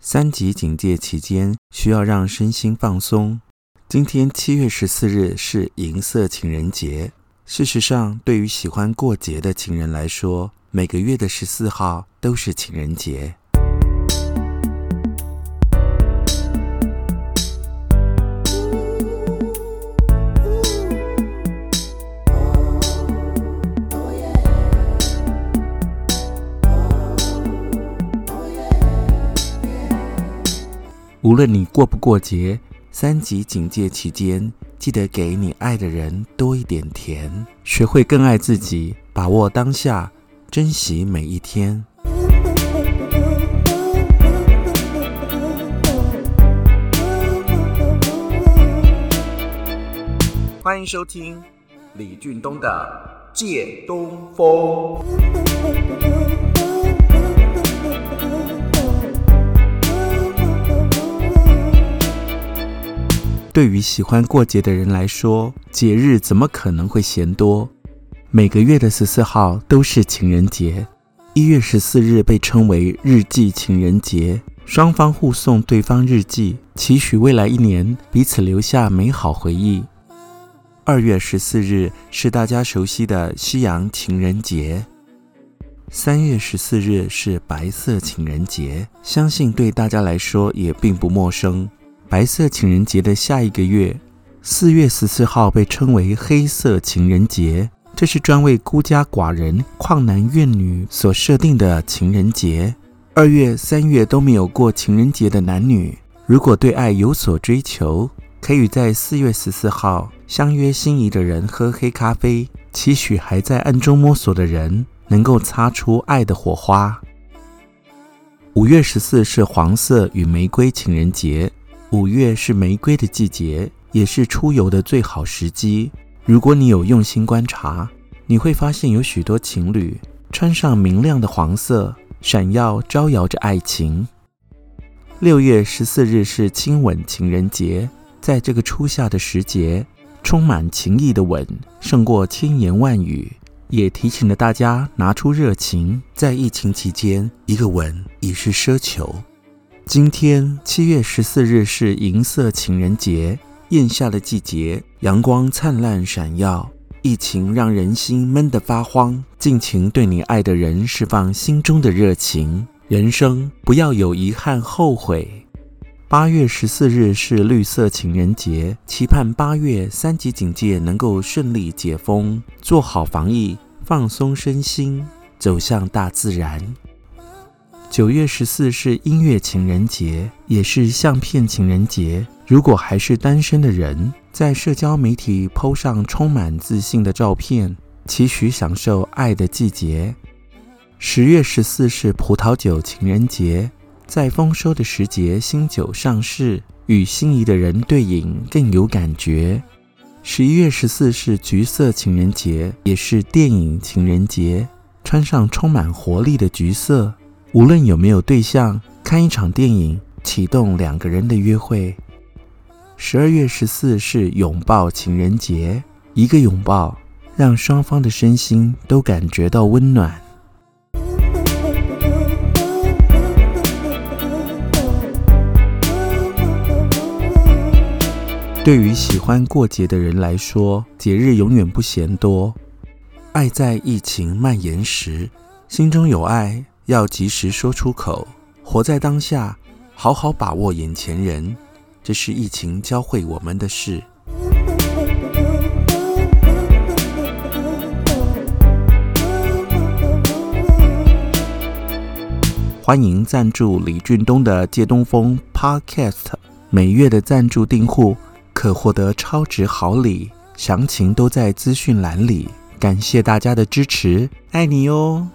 三級警戒期間，需要讓身心放鬆。今天七月十四日是銀色情人節。事實上，對於喜歡過節的情人來說，每個月的十四號都是情人節。無論你過不過節，三級警戒期間，記得給你愛的人多一點甜，學會更愛自己，把握當下，珍惜每一天。歡迎收聽李俊東的《借東風》。對於喜歡過節的人來說，節日怎麼可能會嫌多？每個月的十四號都是情人節。一月十四日被稱為日記情人節，雙方互送對方日記，期許未來一年彼此留下美好回憶。二月十四日是大家熟悉的西洋情人節。三月十四日是白色情人節，相信對大家來說也並不陌生。白色情人節的下一個月，四月十四號被稱為黑色情人節，這是專為孤家寡人、曠男怨女所設定的情人節。二月、三月都沒有過情人節的男女，如果對愛有所追求，可以與在四月十四號相約心儀的人喝黑咖啡，期許還在暗中摸索的人能夠擦出愛的火花。五月十四是黃色與玫瑰情人節。五月是玫瑰的季節，也是出遊的最好時機。如果你有用心觀察，你會發現有許多情侶穿上明亮的黃色，閃耀招搖着愛情。六月十四日是親吻情人節，在這個初夏的時節，充滿情意的吻勝過千言萬語，也提醒了大家拿出熱情。在疫情期間，一個吻已是奢求。今天七月十四日是銀色情人節，炎夏的季節，陽光燦爛閃耀。疫情讓人心悶得發慌，盡情對你愛的人釋放心中的熱情。人生不要有遺憾、後悔。八月十四日是綠色情人節，期盼八月三級警戒能夠順利解封，做好防疫，放鬆身心，走向大自然。九月十四是音樂情人節，也是相片情人節。如果還是單身的人，在社交媒體 Po 上充滿自信的照片，期許享受愛的季節。十月十四是葡萄酒情人節，在豐收的時節，新酒上市，與心儀的人對飲更有感覺。十一月十四是橘色情人節，也是電影情人節。穿上充滿活力的橘色。無論有沒有對象，看一場電影，啟動兩個人的約會。十二月十四是擁抱情人節，一個擁抱，讓雙方的身心都感覺到溫暖。對於喜歡過節的人來說，節日永遠不嫌多。愛在疫情蔓延時，心中有愛。要及時說出口，活在當下，好好把握眼前人，這是疫情教會我們的事。歡迎贊助李俊東的借東風 Podcast，每月的贊助訂戶可獲得超值好禮，詳情都在資訊欄裡。感謝大家的支持，愛你哦！